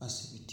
a assim. seguir.